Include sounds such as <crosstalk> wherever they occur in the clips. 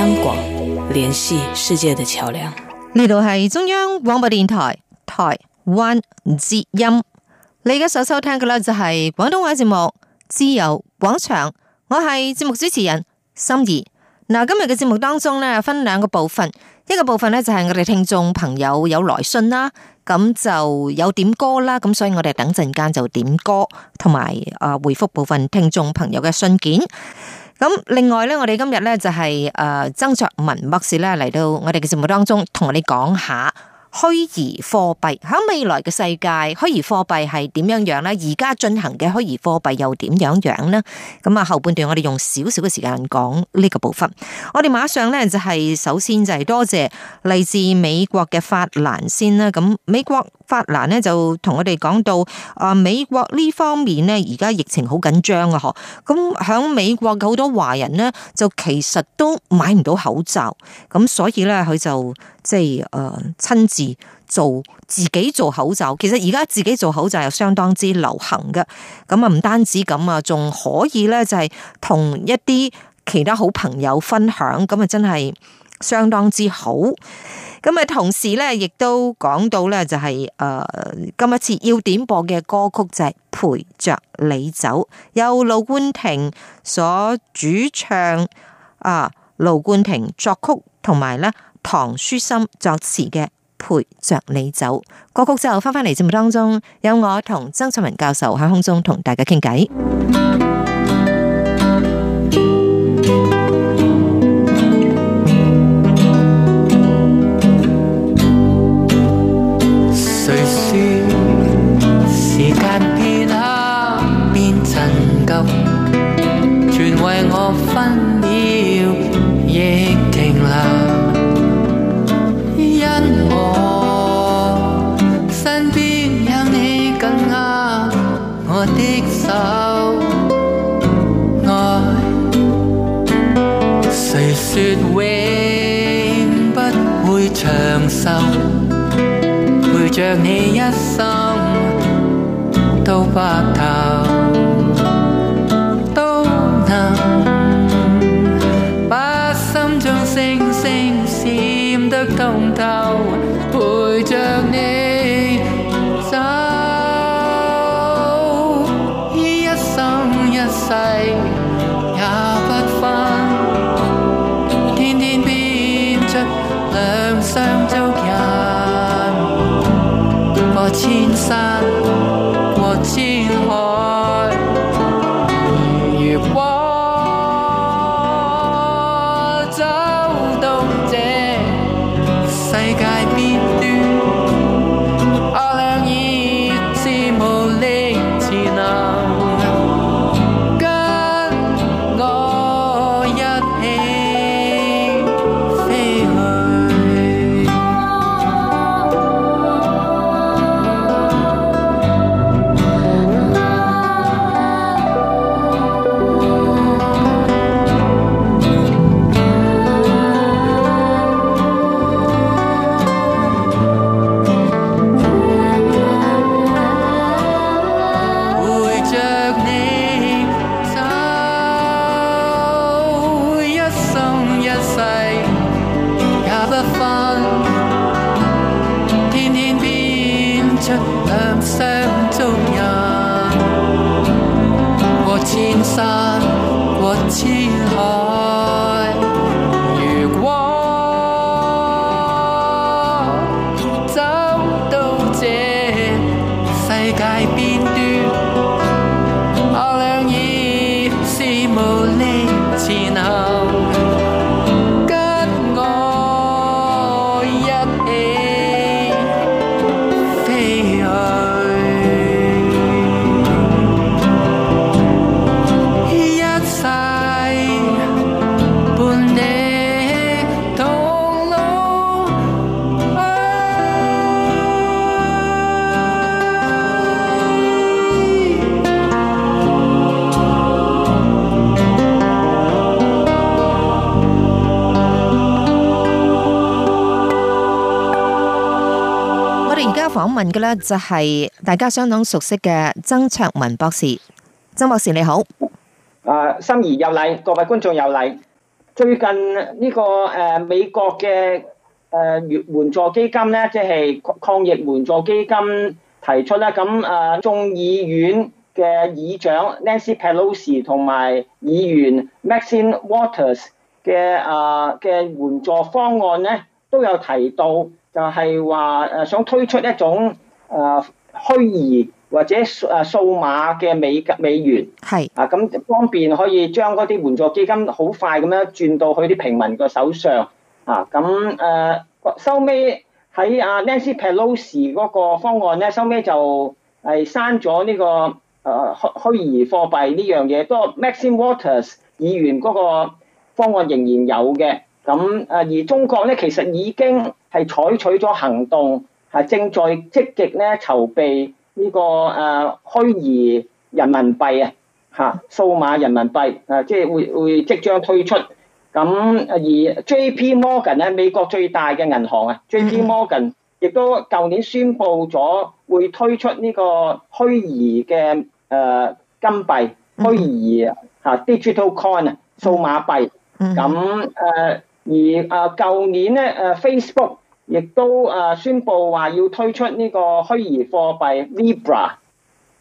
香港聯繫世界的橋樑，呢度係中央廣播電台台灣之音，你而家所收聽嘅咧就係廣東話節目自由廣場，我係節目主持人心儀。嗱，今日嘅節目當中咧分兩個部分，一個部分咧就係我哋聽眾朋友有來信啦，咁就有點歌啦，咁所以我哋等陣間就點歌同埋啊回覆部分聽眾朋友嘅信件。咁另外咧，我哋今日咧就係誒，曾卓文博士咧嚟到我哋嘅節目當中，同我哋講下虛擬貨幣喺未來嘅世界，虛擬貨幣係點樣樣咧？而家進行嘅虛擬貨幣又點樣樣呢？咁啊，後半段我哋用少少嘅時間講呢個部分。我哋馬上咧就係首先就係多謝嚟自美國嘅法蘭先啦。咁美國。法蘭咧就同我哋講到啊，美國呢方面呢，而家疫情好緊張啊！嗬，咁喺美國嘅好多華人呢，就其實都買唔到口罩，咁所以咧佢就即係啊親自做自己做口罩。其實而家自己做口罩又相當之流行嘅，咁啊唔單止咁啊，仲可以咧就係同一啲其他好朋友分享，咁啊真係相當之好。咁啊，同時咧，亦都講到咧，就係、是、誒，今一次要點播嘅歌曲就係、是《陪着你走》，由盧冠廷所主唱，啊，盧冠廷作曲，同埋咧唐書琛作詞嘅《陪着你走》歌曲就翻返嚟節目當中，有我同曾翠文教授喺空中同大家傾偈。永不會長壽，陪着你一生到白頭。界邊端，我倆已是無力前行。訪問嘅咧就係大家相當熟悉嘅曾卓文博士，曾博士你好。啊，心儀有禮，各位觀眾有禮。最近呢、這個誒、啊、美國嘅誒、啊、援助基金咧，即、就、係、是、抗、抗疫援助基金提出咧，咁誒眾議院嘅議長 Nancy Pelosi 同埋議員 Maxine Waters 嘅誒嘅援助方案咧都有提到。就係話，誒想推出一種誒虛擬或者誒數碼嘅美美元係啊，咁方便，可以將嗰啲援助基金好快咁樣轉到去啲平民嘅手上啊。咁誒收尾喺阿 Nancy Pelosi 嗰個方案咧，收尾就係刪咗呢個誒虛虛擬貨幣呢樣嘢，不過 Maxine Waters 議員嗰個方案仍然有嘅。咁而中國咧，其實已經係採取咗行動，係正在積極咧籌備呢個虛擬人民幣啊，嚇數碼人民幣啊，即係會會即將推出。咁而 J.P.Morgan 咧，美國最大嘅銀行啊，J.P.Morgan 亦都舊年宣布咗會推出呢個虛擬嘅金幣，虛擬嚇 digital coin 啊，數碼幣。咁而啊，舊年咧，誒 Facebook 亦都誒宣布話要推出呢個虛擬貨幣 Libra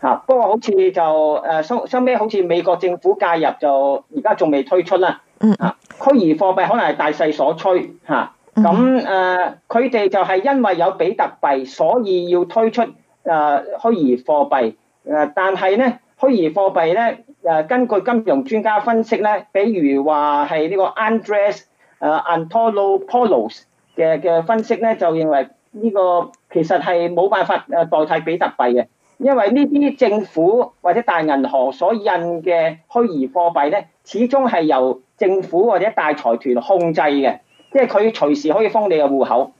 嚇，不過好似就誒收收尾，好似美國政府介入就而家仲未推出啦。嗯。嚇，虛擬貨幣可能係大勢所趨嚇，咁誒佢哋就係因為有比特幣，所以要推出誒虛擬貨幣誒，但係咧虛擬貨幣咧誒，根據金融專家分析咧，比如話係呢個 Andreas。誒 Antolopoulos 嘅嘅分析咧，就認為呢個其實係冇辦法代替比特幣嘅，因為呢啲政府或者大銀行所印嘅虛擬貨幣咧，始終係由政府或者大財團控制嘅，即係佢隨時可以封你嘅戶口，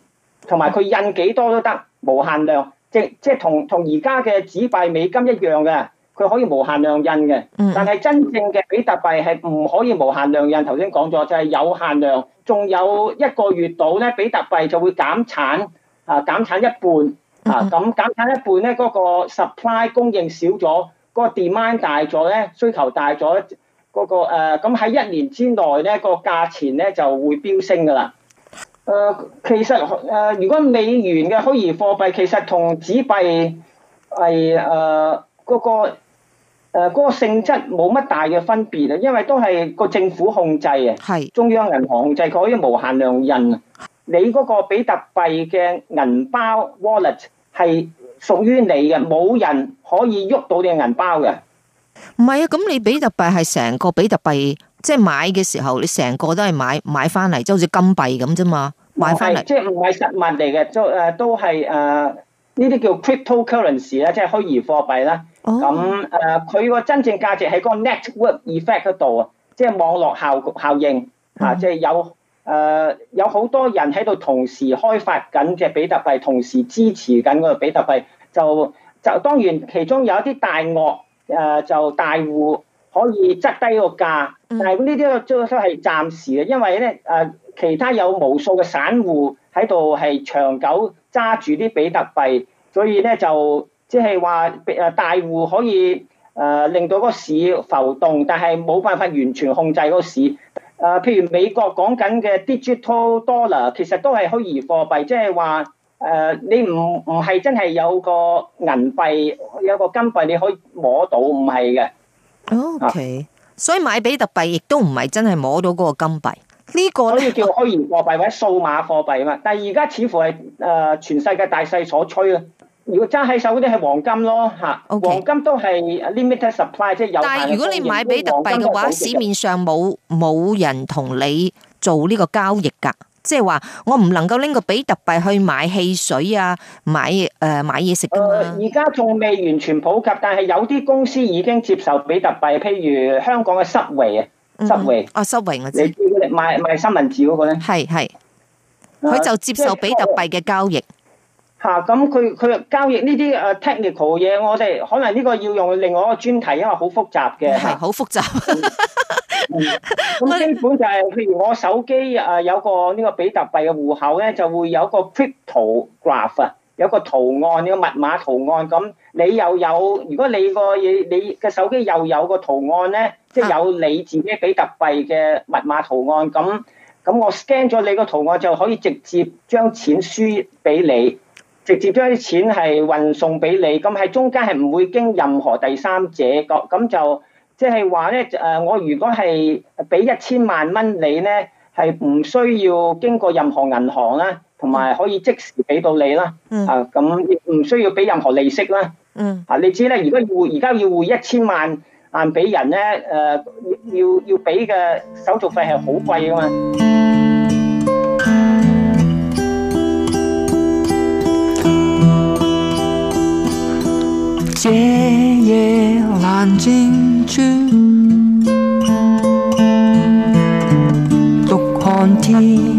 同埋佢印幾多都得無限量，即即係同同而家嘅紙幣美金一樣嘅。佢可以無限量印嘅，但係真正嘅比特幣係唔可以無限量印。頭先講咗就係有限量，仲有一個月度咧，比特幣就會減產，啊減產一半，啊咁減產一半咧，嗰個 supply 供應少咗，嗰個 demand 大咗咧，需求大咗，嗰個誒咁喺一年之內咧，個價錢咧就會飆升㗎啦。誒，其實誒，如果美元嘅虛擬貨幣其實同紙幣係誒嗰個。誒，個性質冇乜大嘅分別啊，因為都係個政府控制啊，是中央銀行控制，佢可以無限量印啊。你嗰個比特幣嘅銀包 wallet 係屬於你嘅，冇人可以喐到你嘅銀包嘅。唔係啊，咁你比特幣係成個比特幣，即係買嘅時候，你成個都係買買翻嚟，就好似金幣咁啫嘛，買翻嚟。即係唔係實物嚟嘅，都誒都係誒呢啲叫 crypto currency 啦，即係虛擬貨幣啦。咁誒，佢個真正價值喺嗰個 network effect 嗰度啊，即係網絡效效應啊，即係有誒有好多人喺度同時開發緊嘅比特幣，同時支持緊嗰個比特幣，就就當然其中有一啲大鱷誒，就大戶可以質低個價，但係呢啲都都係暫時嘅，因為咧誒，其他有無數嘅散戶喺度係長久揸住啲比特幣，所以咧就。即係話誒大戶可以誒令到個市浮動，但係冇辦法完全控制個市。誒，譬如美國講緊嘅 digital dollar，其實都係虛擬貨幣，即係話誒你唔唔係真係有個銀幣有個金幣你可以摸到，唔係嘅。OK，所以買比特幣亦都唔係真係摸到嗰個金幣。呢個可以叫虛擬貨幣或者數碼貨幣啊嘛。但係而家似乎係誒全世界大勢所趨啊！如果揸起手嗰啲係黃金咯，吓，黃金都係 limited supply，即係有。但係如果你買比特幣嘅話，市面上冇冇人同你做呢個交易噶即係話我唔能夠拎個比特幣去買汽水啊，買誒買嘢食噶嘛。而家仲未完全普及，但係有啲公司已經接受比特幣，譬如香港嘅濕維啊，濕維啊，濕維啊，你叫佢嚟賣賣三文治嗰個咧，係係，佢就接受比特幣嘅交易。吓！咁佢佢交易呢啲誒 technical 嘢，我哋可能呢個要用另外一個專題，因為好複雜嘅。係好複雜啊。咁、 <laughs> 嗯、基本就係、是，譬如我手機誒有一個呢個比特幣嘅戶口咧，就會有一個 crypto graph 啊，有個圖案，呢個密碼圖案。咁你又有，如果你個嘢你嘅手機又有個圖案咧，即、就、係、是、有你自己比特幣嘅密碼圖案。咁咁我 scan 咗你個圖案就可以直接將錢輸俾你。直接將啲錢係運送俾你，咁係中間係唔會經任何第三者個，咁就即係話咧誒，我如果係俾一千萬蚊你咧，係唔需要經過任何銀行啦，同埋可以即時俾到你啦。嗯。啊，咁唔需要俾任何利息啦。嗯。啊，你知咧，如果要而家要匯一千萬蚊俾人咧，誒要要要俾嘅手續費係好貴㗎嘛。這夜闌靜處，獨看天。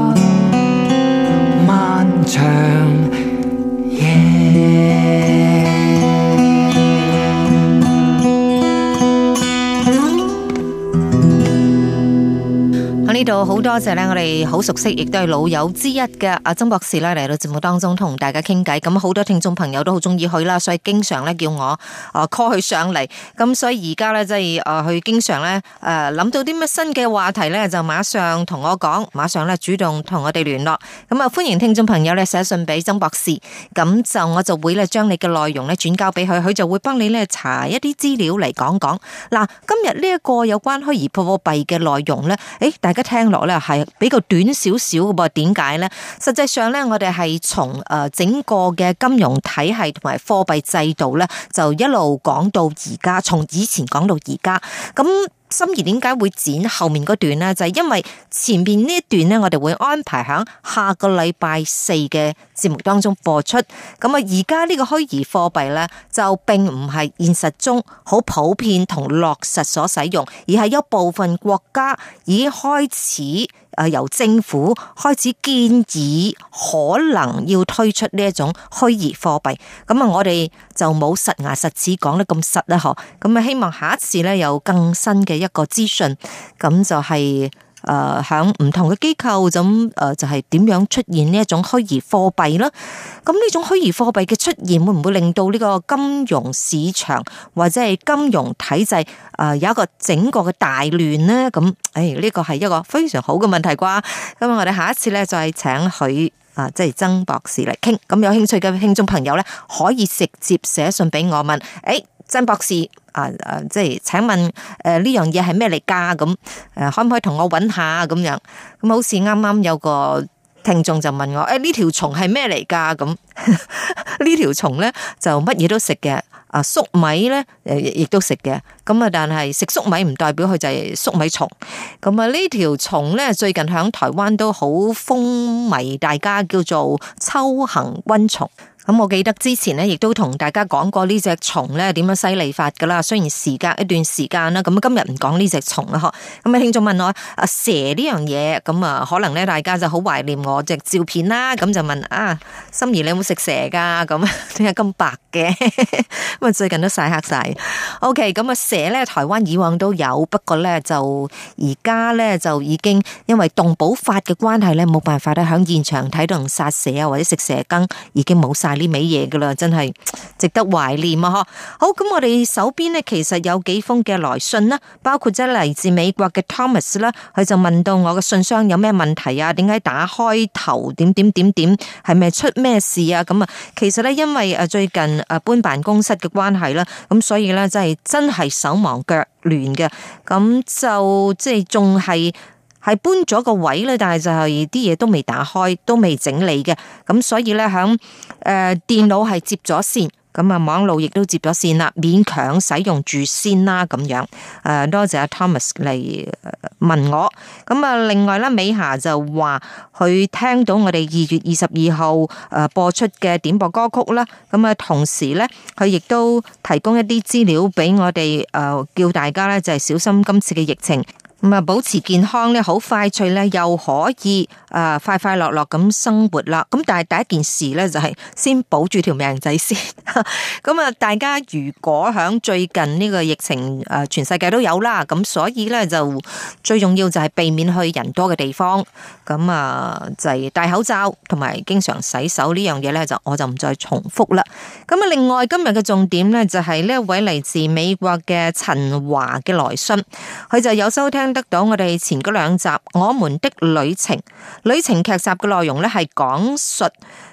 呢度好多謝咧，我哋好熟悉，亦都係老友之一嘅阿曾博士呢嚟到節目當中同大家傾偈。咁好多聽眾朋友都好中意佢啦，所以經常咧叫我哦 call 佢上嚟。咁所以而家咧即係誒，佢經常咧誒諗到啲咩新嘅話題咧，就馬上同我講，馬上咧主動同我哋聯絡。咁啊，歡迎聽眾朋友咧寫信俾曾博士，咁就我就會咧將你嘅內容咧轉交俾佢，佢就會幫你咧查一啲資料嚟講講。嗱，今日呢一個有關虛擬貨幣嘅內容咧，誒，大家。聽落咧係比較短少少嘅噃，點解咧？實際上咧，我哋係從誒，整個嘅金融體系同埋貨幣制度咧，就一路講到而家，從以前講到而家，咁。心儀點解會剪後面嗰段呢？就係因為前面呢一段呢，我哋會安排喺下個禮拜四嘅節目當中播出。咁啊，而家呢個虛擬貨幣呢，就並唔係現實中好普遍同落實所使用，而係有部分國家已經開始。誒，由政府開始建議可能要推出呢一種虛擬貨幣，咁啊，我哋就冇實牙實齒講得咁實啦，嗬。咁啊，希望下一次咧有更新嘅一個資訊，咁就係、是。誒，響唔同嘅機構咁，誒就係點樣出現呢一種虛擬貨幣啦？咁呢種虛擬貨幣嘅出現會唔會令到呢個金融市場或者係金融體制誒有一個整個嘅大亂呢？咁，誒呢個係一個非常好嘅問題啩？咁我哋下一次咧就請許啊即係曾博士嚟傾。咁有興趣嘅聽眾朋友咧，可以直接寫信俾我問，誒曾博士。啊啊，即係請問誒，呢樣嘢係咩嚟噶？咁誒，可唔可以同我揾下咁樣？咁好似啱啱有個聽眾就問我，誒、欸，呢條蟲係咩嚟噶？咁呢條蟲咧就乜嘢都食嘅，啊粟米咧誒亦都食嘅。咁啊，但係食粟米唔代表佢就係粟米蟲。咁啊，呢條蟲咧最近喺台灣都好風靡，大家叫做秋行温蟲。咁、嗯、我記得之前咧，亦都同大家講過這呢隻蟲咧點樣犀利法噶啦。雖然時隔一段時間啦，咁、嗯、今日唔講呢隻蟲啦，嗬。咁、嗯、啊，聽眾問我啊蛇呢樣嘢，咁、嗯、啊可能咧大家就好懷念我隻照片啦。咁、嗯、就問啊心儀你有冇食蛇噶？咁點解咁白嘅？咁 <laughs> 啊最近都曬黑晒。O K，咁啊蛇咧，台灣以往都有，不過咧就而家咧就已經因為動保法嘅關係咧，冇辦法咧響現場睇到人殺蛇啊，或者食蛇羹，已經冇晒。呢味嘢噶啦，真係值得懷念啊！嗬，好，咁我哋手邊呢，其實有幾封嘅來信啦，包括即係嚟自美國嘅 Thomas 啦，佢就問到我嘅信箱有咩問題啊？點解打開頭點點點點，係咪出咩事啊？咁、嗯、啊，其實呢，因為誒最近誒搬辦公室嘅關係啦，咁、嗯、所以呢，真係真係手忙腳亂嘅，咁、嗯、就即係仲係。係搬咗個位咧，但係就係啲嘢都未打開，都未整理嘅，咁所以咧，響誒電腦係接咗線，咁啊網路亦都接咗線啦，勉強使用住先啦，咁樣誒，多謝阿 Thomas 嚟問我，咁啊，另外咧，美霞就話佢聽到我哋二月二十二號誒播出嘅點播歌曲啦，咁啊，同時咧，佢亦都提供一啲資料俾我哋誒，叫大家咧就係小心今次嘅疫情。咁啊，保持健康咧，好快脆咧，又可以誒，快快樂樂咁生活啦。咁但係第一件事咧，就係先保住條命仔先。咁啊，大家如果響最近呢個疫情誒，全世界都有啦。咁所以咧，就最重要就係避免去人多嘅地方。咁啊，就係戴口罩同埋經常洗手呢樣嘢咧，就我就唔再重複啦。咁啊，另外今日嘅重點咧，就係呢一位嚟自美國嘅陳華嘅來信，佢就有收聽。得到我哋前嗰兩集《我們的旅程》旅程劇集嘅內容呢係講述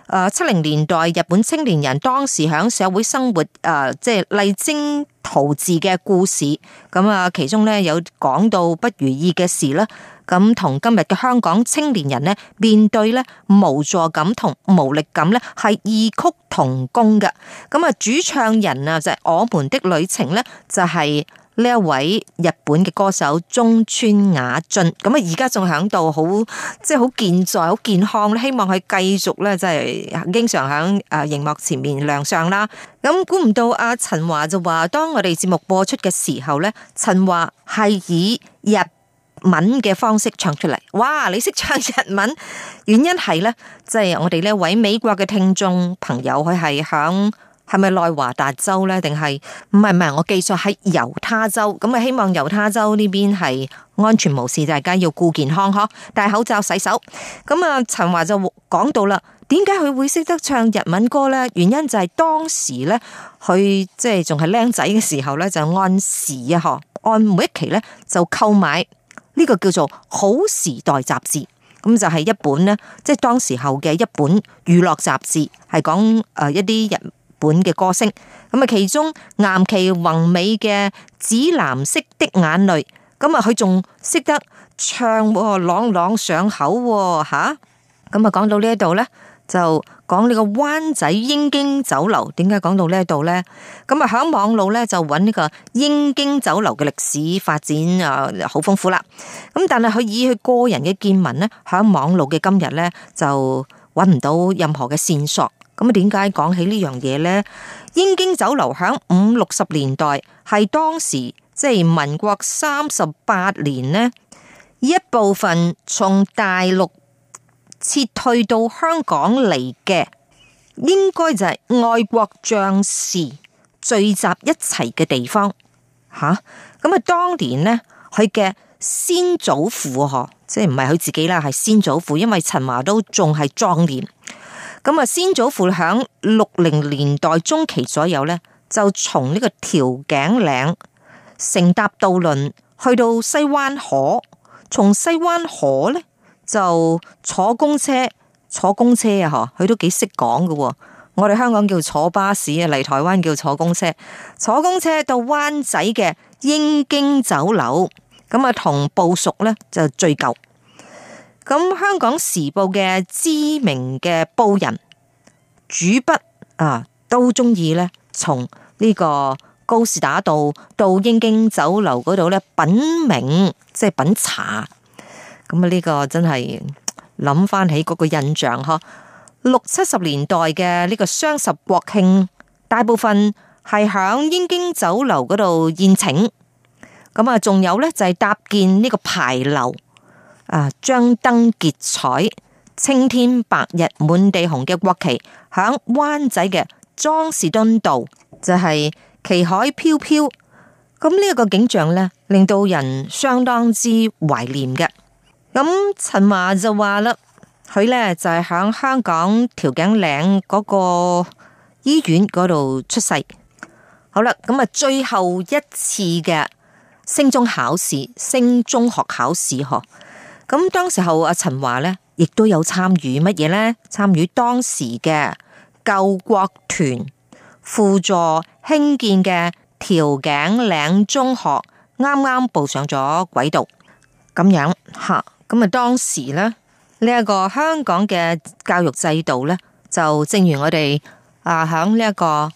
誒七零年代日本青年人當時響社會生活誒，即係勵精圖治嘅故事。咁啊，其中呢有講到不如意嘅事啦。咁同今日嘅香港青年人呢面對呢無助感同無力感呢，係異曲同工嘅。咁啊，主唱人啊就係、是《我們的旅程》呢，就係、是。呢一位日本嘅歌手中村雅俊，咁啊而家仲響度好，即係好健在、好健康，希望佢繼續咧即係經常響啊熒幕前面亮相啦。咁估唔到阿陳華就話，當我哋節目播出嘅時候咧，陳華係以日文嘅方式唱出嚟。哇！你識唱日文？原因係咧，即係我哋呢位美國嘅聽眾朋友，佢係響。係咪內華達州呢？定係唔係唔係？我記錯喺猶他州咁啊。希望猶他州呢邊係安全無事，大家要顧健康嗬，戴口罩、洗手咁啊。陳華就講到啦，點解佢會識得唱日文歌呢？原因就係當時呢，佢即係仲係靚仔嘅時候呢，就按時啊，嗬，按每一期呢，就購買呢個叫做好時代雜誌，咁就係一本呢，即係當時候嘅一本娛樂雜誌，係講誒一啲人。本嘅歌聲，咁啊，其中岩崎宏美嘅紫藍色的眼淚，咁啊，佢仲識得唱、哦，朗朗上口吓、哦。咁啊，講到呢一度呢，就講呢個灣仔英京酒樓。點解講到呢一度呢？咁啊，響網路呢，就揾呢個英京酒樓嘅歷史發展啊，好豐富啦。咁但係佢以佢個人嘅見聞呢，響網路嘅今日呢，就揾唔到任何嘅線索。咁點解講起呢樣嘢呢？英京酒樓響五六十年代，係當時即係民國三十八年呢一部分從大陸撤退到香港嚟嘅，應該就係外國將士聚集一齊嘅地方。吓，咁啊，當年呢，佢嘅先祖父嗬，即係唔係佢自己啦，係先祖父，因為陳華都仲係壯年。咁啊，先祖父喺六零年代中期左右咧，就從呢個調景嶺乘搭渡輪去到西灣河，從西灣河咧就坐公車，坐公車啊，嗬，佢都幾識講噶。我哋香港叫坐巴士啊，嚟台灣叫坐公車，坐公車到灣仔嘅英京酒樓，咁啊，同部屬咧就聚舊。咁香港時報嘅知名嘅報人主筆啊，都中意咧從呢個高士打道到，到英京酒樓嗰度咧品茗，即係品茶。咁啊，呢個真係諗翻起嗰個印象呵。六七十年代嘅呢個雙十國慶，大部分係響英京酒樓嗰度宴請。咁啊，仲有咧就係搭建呢個牌樓。啊！張燈結綵，青天白日滿地紅嘅國旗響灣仔嘅莊士敦道，就係、是、旗海飄飄。咁呢一個景象呢，令到人相當之懷念嘅。咁陳華就話啦，佢呢就係、是、響香港調景嶺嗰個醫院嗰度出世。好啦，咁啊，最後一次嘅升中考試，升中學考試呵。咁當時候阿陳華呢，亦都有參與乜嘢呢？參與當時嘅救國團輔助興建嘅調景嶺中學，啱啱步上咗軌道。咁樣吓，咁啊當時呢呢一個香港嘅教育制度呢，就正如我哋啊響呢一個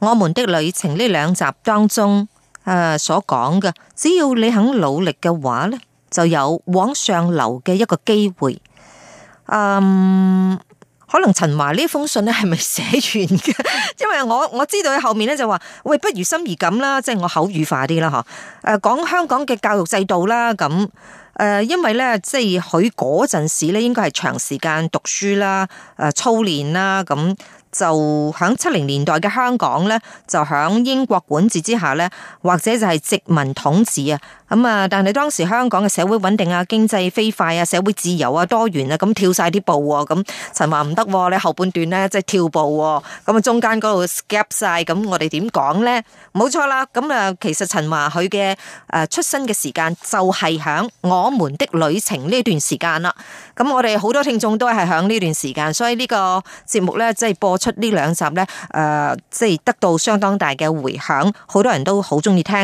我們的旅程呢兩集當中誒所講嘅，只要你肯努力嘅話呢。就有往上流嘅一個機會，嗯、um,，可能陳華呢封信咧係咪寫完嘅？ <laughs> 因為我我知道喺後面咧就話，喂，不如心儀咁啦，即、就、係、是、我口語化啲啦，嗬、啊，誒，講香港嘅教育制度啦，咁，誒，因為咧即係佢嗰陣時咧應該係長時間讀書啦，誒、啊，操練啦，咁、啊。就響七零年代嘅香港咧，就響英國管治之下咧，或者就係殖民統治啊。咁啊，但係當時香港嘅社會穩定啊、經濟飛快啊、社會自由啊、多元啊，咁跳晒啲步、啊，咁陳華唔得，你、啊、後半段咧即係跳步、啊，咁、嗯、啊中間度 skip 晒，咁、嗯、我哋點講咧？冇錯啦，咁、嗯、啊，其實陳華佢嘅誒出生嘅時間就係響我們的旅程，呢段時間啦、啊。咁、嗯、我哋好多聽眾都係響呢段時間，所以這個呢個節目咧即係播出。出這兩呢兩集咧，誒、呃，即係得到相當大嘅回響，好多人都好中意聽。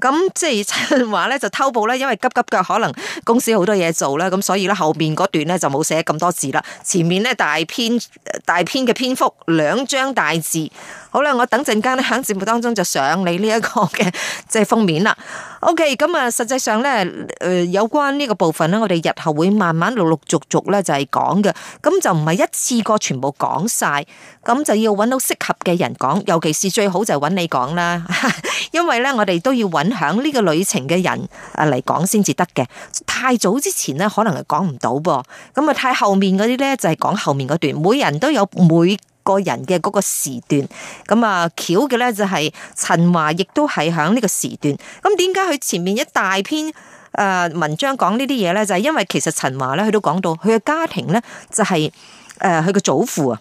咁即係陳華咧就偷步咧，因為急急嘅可能公司好多嘢做啦，咁所以咧後面嗰段咧就冇寫咁多字啦。前面咧大篇大篇嘅篇幅，兩張大字。好啦，我等陣間咧喺節目當中就上你呢一個嘅即係封面啦。OK，咁啊，實際上咧，誒有關呢個部分咧，我哋日後會慢慢陸陸續續咧就係講嘅，咁就唔係一次過全部講晒，咁就要揾到適合嘅人講，尤其是最好就係揾你講啦，因為咧我哋都要揾響呢個旅程嘅人啊嚟講先至得嘅，太早之前咧可能係講唔到噃，咁啊太後面嗰啲咧就係講後面嗰段，每人都有每。個人嘅嗰個時段，咁啊巧嘅咧就係陳華亦都係響呢個時段。咁點解佢前面一大篇誒文章講呢啲嘢咧？就係因為其實陳華咧，佢都講到佢嘅家庭咧就係誒佢嘅祖父啊，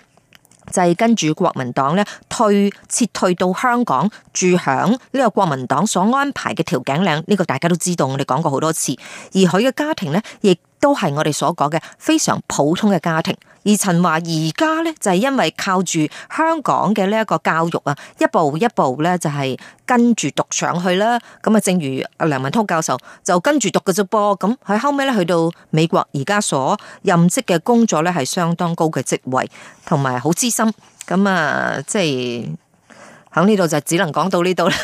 就係跟住國民黨咧退撤退到香港住響呢個國民黨所安排嘅調景嶺。呢個大家都知道，我哋講過好多次。而佢嘅家庭咧亦。都係我哋所講嘅非常普通嘅家庭，而陳華而家咧就係、是、因為靠住香港嘅呢一個教育啊，一步一步咧就係跟住讀上去啦。咁啊，正如阿梁文韜教授就跟住讀嘅啫噃。咁佢後尾咧去到美國，而家所任職嘅工作咧係相當高嘅職位，同埋好資深。咁啊，即係。喺呢度就只能講到呢度啦，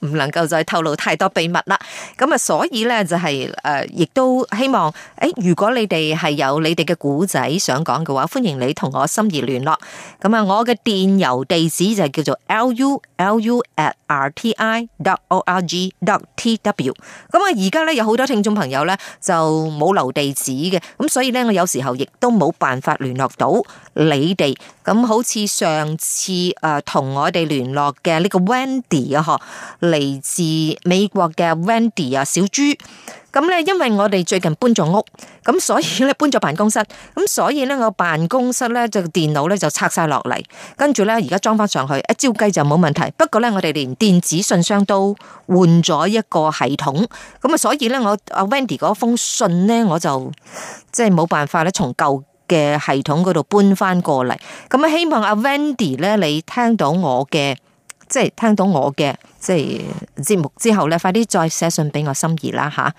唔能夠再透露太多秘密啦。咁啊，所以咧就係誒，亦都希望誒，如果你哋係有你哋嘅故仔想講嘅話，歡迎你同我心儀聯絡。咁啊，我嘅電郵地址就係叫做 lulu@rti.org.tw。咁啊，而家咧有好多聽眾朋友咧就冇留地址嘅，咁所以咧我有時候亦都冇辦法聯絡到你哋。咁好似上次誒。同我哋聯絡嘅呢個 Wendy 啊，嗬，嚟自美國嘅 Wendy 啊，小豬。咁咧，因為我哋最近搬咗屋，咁所以咧搬咗辦公室，咁所以咧我辦公室咧就電腦咧就拆晒落嚟，跟住咧而家裝翻上去，一招雞就冇問題。不過咧我哋連電子信箱都換咗一個系統，咁啊，所以咧我阿 Wendy 嗰封信咧我就即係冇辦法咧從舊。嘅系統嗰度搬翻過嚟，咁啊，希望阿 Wendy 咧，你聽到我嘅即係聽到我嘅即係節目之後咧，快啲再寫信俾我心意啦吓，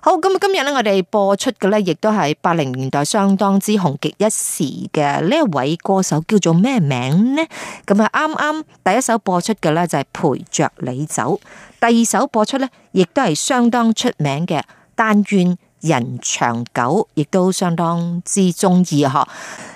好，咁今日咧我哋播出嘅咧，亦都係八零年代相當之紅極一時嘅呢一位歌手叫做咩名呢？咁啊，啱啱第一首播出嘅咧就係、是、陪着你走，第二首播出咧亦都係相當出名嘅，但願。人長久，亦都相當之中意嗬。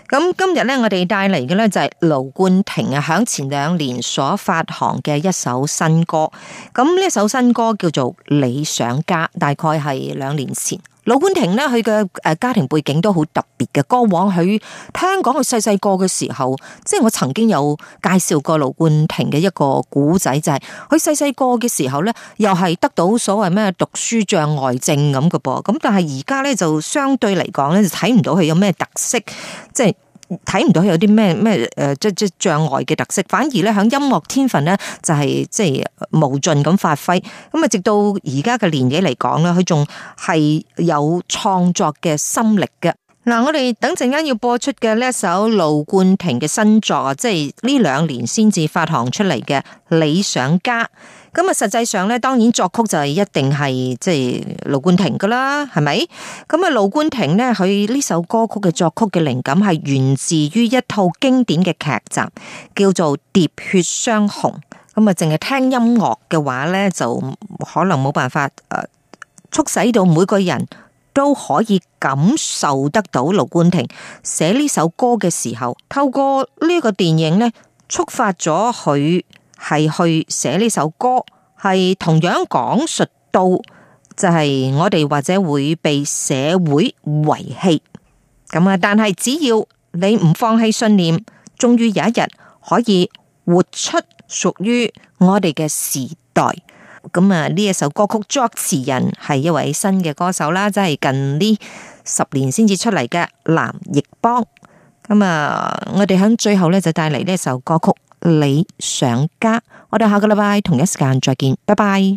咁今日咧，我哋帶嚟嘅咧就係盧冠廷啊，響前兩年所發行嘅一首新歌。咁呢首新歌叫做《理想家》，大概係兩年前。盧冠廷咧，佢嘅誒家庭背景都好特別嘅。過往佢聽講佢細細個嘅時候，即係我曾經有介紹過盧冠廷嘅一個古仔，就係佢細細個嘅時候咧，又係得到所謂咩讀書障礙症咁嘅噃。咁但係而家咧就相對嚟講咧，就睇唔到佢有咩特色。即係睇唔到佢有啲咩咩，誒，即即障礙嘅特色，反而咧響音樂天分咧就係即係無盡咁發揮，咁啊直到而家嘅年紀嚟講咧，佢仲係有創作嘅心力嘅。嗱，我哋等陣間要播出嘅呢一首盧冠廷嘅新作，即係呢兩年先至發行出嚟嘅《理想家》。咁啊，實際上咧，當然作曲就係一定係即係盧冠廷㗎啦，係咪？咁啊，盧冠廷呢，佢呢首歌曲嘅作曲嘅靈感係源自於一套經典嘅劇集，叫做《喋血雙雄》。咁啊，淨係聽音樂嘅話咧，就可能冇辦法、呃、促使到每個人都可以感受得到盧冠廷寫呢首歌嘅時候，透過呢個電影咧，觸發咗佢。係去寫呢首歌，係同樣講述到就係我哋或者會被社會遺棄咁啊，但係只要你唔放棄信念，終於有一日可以活出屬於我哋嘅時代。咁、嗯、啊，呢一首歌曲作詞人係一位新嘅歌手啦，即係近呢十年先至出嚟嘅藍奕邦。咁啊，我哋喺最後呢，就帶嚟呢首歌曲。理想家，我哋下個禮拜同一時間再見，拜拜。